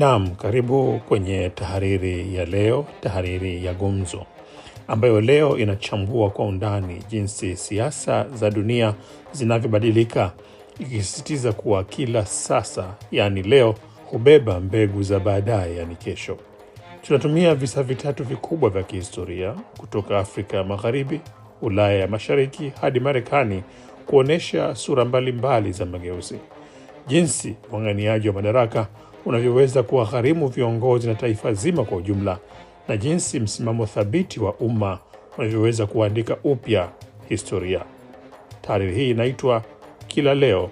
Naam, karibu kwenye tahariri ya leo, tahariri ya Gumzo ambayo leo inachambua kwa undani jinsi siasa za dunia zinavyobadilika, ikisisitiza kuwa kila sasa, yaani leo, hubeba mbegu za baadaye, yaani kesho. Tunatumia visa vitatu vikubwa vya kihistoria kutoka Afrika ya Magharibi, Ulaya ya Mashariki hadi Marekani kuonyesha sura mbalimbali mbali za mageuzi, jinsi wang'aniaji wa madaraka unavyoweza kuwagharimu viongozi na taifa zima kwa ujumla, na jinsi msimamo thabiti wa umma unavyoweza kuandika upya historia. Tahariri hii inaitwa Kila Leo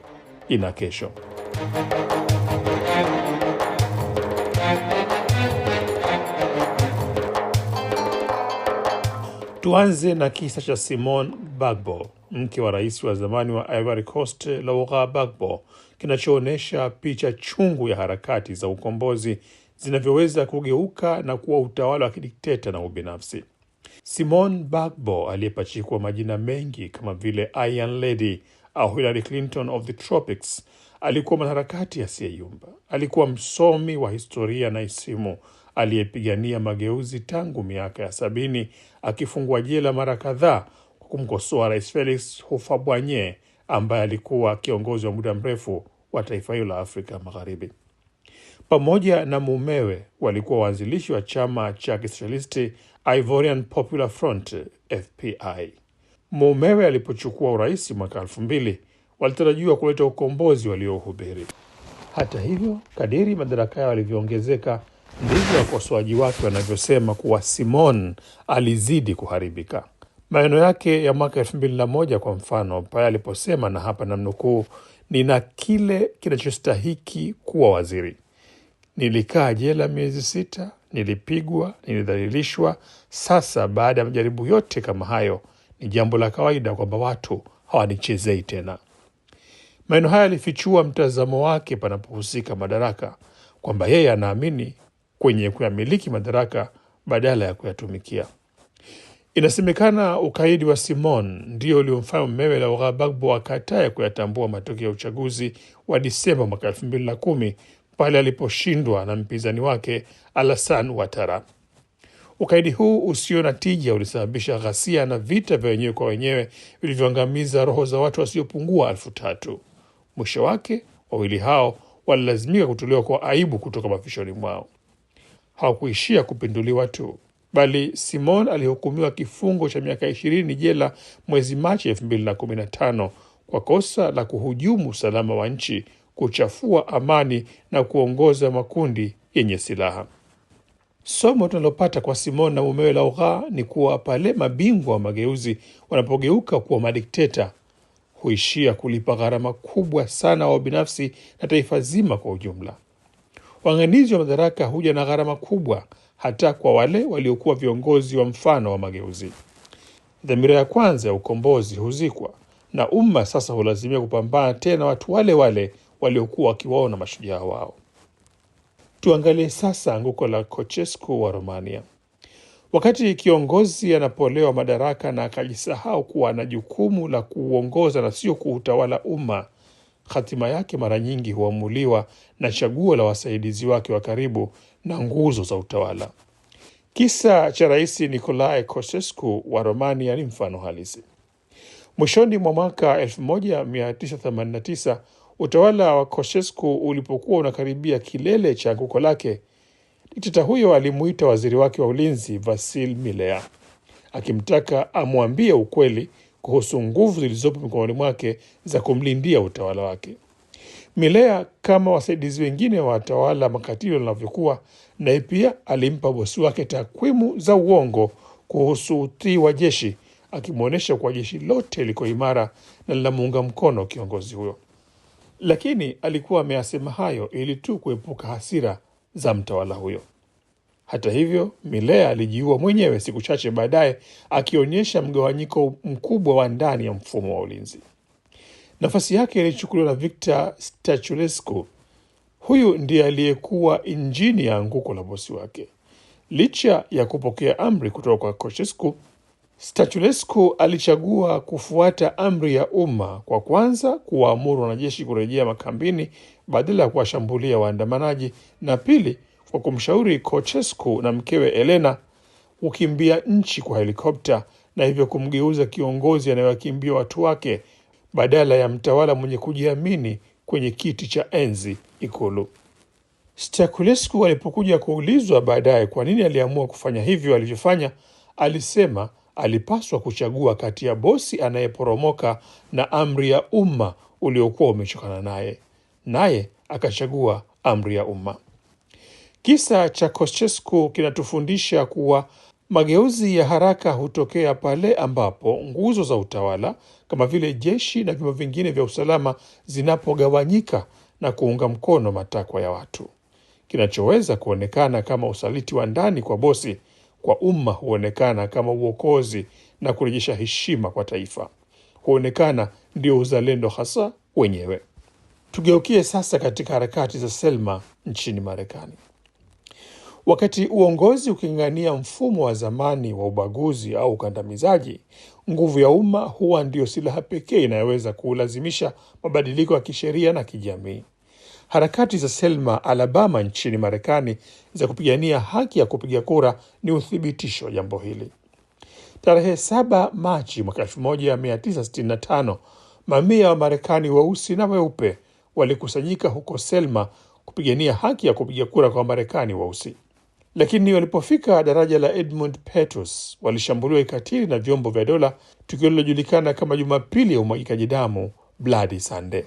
Ina Kesho. Tuanze na kisa cha Simon bagbo mke wa rais wa zamani wa Ivory Coast laura bagbo kinachoonyesha picha chungu ya harakati za ukombozi zinavyoweza kugeuka na kuwa utawala wa kidikteta na ubinafsi. simon bagbo aliyepachikwa majina mengi kama vile Iron Lady au Hillary Clinton of the Tropics alikuwa mwanaharakati asiyeyumba. Alikuwa msomi wa historia na isimu aliyepigania mageuzi tangu miaka ya sabini, akifungwa jela mara kadhaa kumkosoa Rais Felix Hufabwanye ambaye alikuwa kiongozi wa muda mrefu wa taifa hilo la Afrika Magharibi. Pamoja na mumewe walikuwa waanzilishi wa chama cha kisosialisti Ivorian Popular Front FPI. Mumewe alipochukua urais mwaka elfu mbili walitarajiwa kuleta ukombozi waliohubiri Hata hivyo, kadiri madaraka yao yalivyoongezeka ndivyo wakosoaji wake wanavyosema kuwa Simon alizidi kuharibika. Maneno yake ya mwaka elfu mbili na moja kwa mfano, pale aliposema, na hapa namnukuu, nina kile kinachostahiki kuwa waziri. Nilikaa jela miezi sita, nilipigwa, nilidhalilishwa. Sasa baada ya majaribu yote kama hayo, ni jambo la kawaida kwamba watu hawanichezei tena. Maneno haya yalifichua mtazamo wake panapohusika madaraka, kwamba yeye anaamini kwenye kuyamiliki madaraka badala ya kuyatumikia. Inasemekana ukaidi wa Simon ndio uliomfanya mmewe Laurent Gbagbo akataye kuyatambua matokeo ya uchaguzi wa Disemba mwaka kumi pale aliposhindwa na mpinzani wake Alassane Ouattara. Ukaidi huu usio na tija ulisababisha ghasia na vita vya wenyewe kwa wenyewe vilivyoangamiza roho za watu wasiopungua elfu tatu. Mwisho wake wawili hao walilazimika kutolewa kwa aibu kutoka mafishoni mwao. Hawakuishia kupinduliwa tu, bali Simon alihukumiwa kifungo cha miaka ishirini jela mwezi Machi elfu mbili na kumi na tano kwa kosa la kuhujumu usalama wa nchi, kuchafua amani na kuongoza makundi yenye silaha. Somo tunalopata kwa Simon na mumewe Laura ni kuwa pale mabingwa wa mageuzi wanapogeuka kuwa madikteta huishia kulipa gharama kubwa sana wa binafsi na taifa zima kwa ujumla. Wang'anizi wa madaraka huja na gharama kubwa, hata kwa wale waliokuwa viongozi wa mfano wa mageuzi. Dhamira ya kwanza ya ukombozi huzikwa na umma sasa hulazimia kupambana tena watu wale wale waliokuwa wakiwaona mashujaa wao. Tuangalie sasa anguko la Kochesku wa Romania. Wakati kiongozi anapolewa madaraka na akajisahau kuwa na jukumu la kuuongoza na sio kuutawala umma, hatima yake mara nyingi huamuliwa na chaguo la wasaidizi wake wa karibu na nguzo za utawala. Kisa cha Rais Nicolae kosescu wa Romania ni mfano halisi. Mwishoni mwa mwaka 1989 utawala wa kosescu ulipokuwa unakaribia kilele cha anguko lake, dikteta huyo alimuita waziri wake wa ulinzi Vasil Milea akimtaka amwambie ukweli kuhusu nguvu zilizopo mikononi mwake za kumlindia utawala wake. Milea, kama wasaidizi wengine wa watawala makatili wanavyokuwa, naye pia alimpa bosi wake takwimu za uongo kuhusu utii wa jeshi, akimwonyesha kuwa jeshi lote liko imara na linamuunga mkono kiongozi huyo. Lakini alikuwa ameyasema hayo ili tu kuepuka hasira za mtawala huyo. Hata hivyo, Milea alijiua mwenyewe siku chache baadaye, akionyesha mgawanyiko mkubwa wa ndani ya mfumo wa ulinzi. Nafasi yake ilichukuliwa na Victor Stachulescu. Huyu ndiye aliyekuwa injini ya anguko la bosi wake. Licha ya kupokea amri kutoka kwa Kochescu, Stachulescu alichagua kufuata amri ya umma, kwa kwanza kuwaamuru wanajeshi kurejea makambini badala ya kuwashambulia waandamanaji, na pili kwa kumshauri Kochescu na mkewe Elena kukimbia nchi kwa helikopta na hivyo kumgeuza kiongozi anayewakimbia watu wake badala ya mtawala mwenye kujiamini kwenye kiti cha enzi Ikulu. Stakulescu alipokuja kuulizwa baadaye kwa nini aliamua kufanya hivyo alivyofanya, alisema alipaswa kuchagua kati ya bosi anayeporomoka na amri ya umma uliokuwa umechokana naye, naye akachagua amri ya umma. Kisa cha Koschesku kinatufundisha kuwa mageuzi ya haraka hutokea pale ambapo nguzo za utawala kama vile jeshi na vyombo vingine vya usalama zinapogawanyika na kuunga mkono matakwa ya watu. Kinachoweza kuonekana kama usaliti wa ndani kwa bosi, kwa umma huonekana kama uokozi na kurejesha heshima kwa taifa, huonekana ndio uzalendo hasa wenyewe. Tugeukie sasa katika harakati za Selma nchini Marekani. Wakati uongozi uking'ang'ania mfumo wa zamani wa ubaguzi au ukandamizaji, nguvu ya umma huwa ndiyo silaha pekee inayoweza kuulazimisha mabadiliko ya kisheria na kijamii. Harakati za Selma, Alabama, nchini Marekani za kupigania haki ya kupiga kura ni uthibitisho wa jambo hili. Tarehe 7 Machi mwaka 1965 mamia wa Marekani weusi na weupe walikusanyika huko Selma kupigania haki ya kupiga kura kwa Wamarekani weusi wa lakini walipofika daraja la Edmund Petrus walishambuliwa ikatili na vyombo vya dola, tukio lilojulikana kama Jumapili ya umwagikaji damu, bladi sande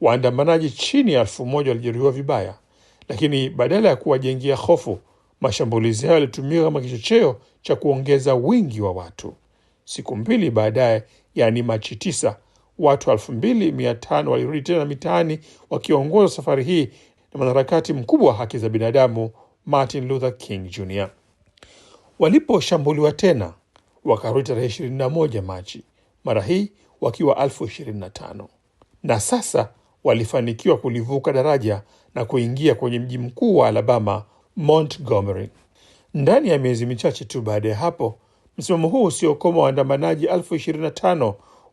Waandamanaji chini ya elfu moja walijeruhiwa vibaya, lakini badala ya kuwajengia hofu, mashambulizi hayo yalitumiwa kama kichocheo cha kuongeza wingi wa watu. Siku mbili baadaye, yaani Machi tisa, watu 25 mbili mia tano walirudi tena mitaani wakiongozwa safari hii na mwanaharakati mkubwa wa haki za binadamu Martin Luther King Jr. Waliposhambuliwa tena wakarudi tarehe 21 Machi, mara hii wakiwa elfu na sasa walifanikiwa kulivuka daraja na kuingia kwenye mji mkuu wa Alabama, Montgomery. Ndani ya miezi michache tu baada ya hapo, msimamo huu usiokoma waandamanaji elfu ishirini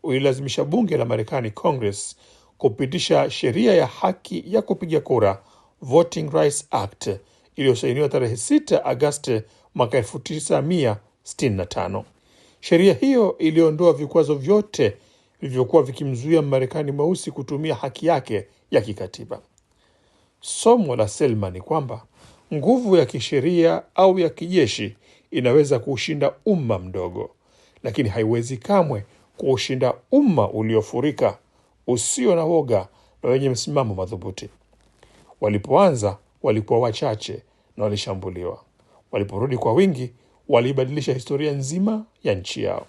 ulilazimisha bunge la Marekani, Congress, kupitisha sheria ya haki ya kupiga kura, Voting Rights Act, iliyosainiwa tarehe 6 Agosti mwaka 1965. Sheria hiyo iliondoa vikwazo vyote vilivyokuwa vikimzuia marekani mweusi kutumia haki yake ya kikatiba. Somo la Selma ni kwamba nguvu ya kisheria au ya kijeshi inaweza kuushinda umma mdogo, lakini haiwezi kamwe kuushinda umma uliofurika, usio na woga na wenye msimamo madhubuti. Walipoanza walikuwa wachache na walishambuliwa. Waliporudi kwa wingi, waliibadilisha historia nzima ya nchi yao.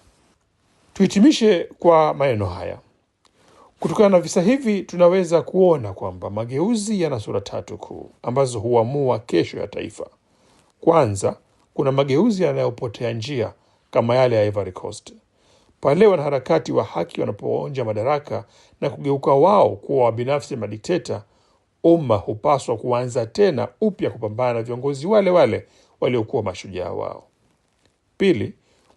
Tuhitimishe kwa maneno haya. Kutokana na visa hivi, tunaweza kuona kwamba mageuzi yana sura tatu kuu ambazo huamua kesho ya taifa. Kwanza, kuna mageuzi yanayopotea njia kama yale ya Ivory Coast, pale wanaharakati wa haki wanapoonja madaraka na kugeuka wao kuwa wabinafsi madikteta umma hupaswa kuanza tena upya kupambana na viongozi wale wale waliokuwa mashujaa wao. Pili,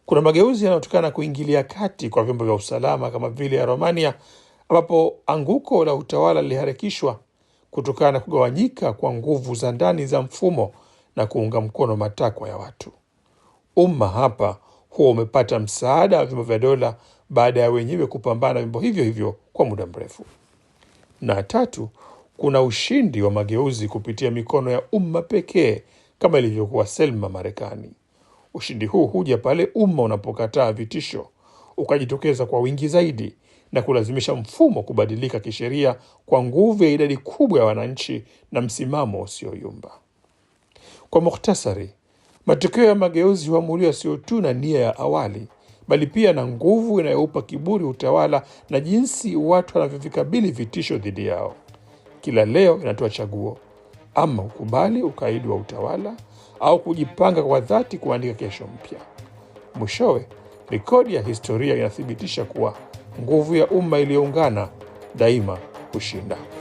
kuna mageuzi yanayotokana na kuingilia kati kwa vyombo vya usalama kama vile ya Romania, ambapo anguko la utawala liliharakishwa kutokana na kugawanyika kwa nguvu za ndani za mfumo na kuunga mkono matakwa ya watu. Umma hapa huwa umepata msaada wa vyombo vya dola baada ya wenyewe kupambana vyombo hivyo hivyo kwa muda mrefu. Na tatu, kuna ushindi wa mageuzi kupitia mikono ya umma pekee kama ilivyokuwa Selma Marekani. Ushindi huu huja pale umma unapokataa vitisho, ukajitokeza kwa wingi zaidi na kulazimisha mfumo kubadilika kisheria kwa nguvu ya idadi kubwa ya wananchi na msimamo usioyumba. Kwa mukhtasari, matokeo ya mageuzi huamuliwa sio tu na nia ya awali, bali pia na nguvu inayoupa kiburi utawala na jinsi watu wanavyovikabili vitisho dhidi yao kila leo inatoa chaguo: ama ukubali ukaidi wa utawala au kujipanga kwa dhati kuandika kesho mpya. Mwishowe, rekodi ya historia inathibitisha kuwa nguvu ya umma iliyoungana daima hushinda.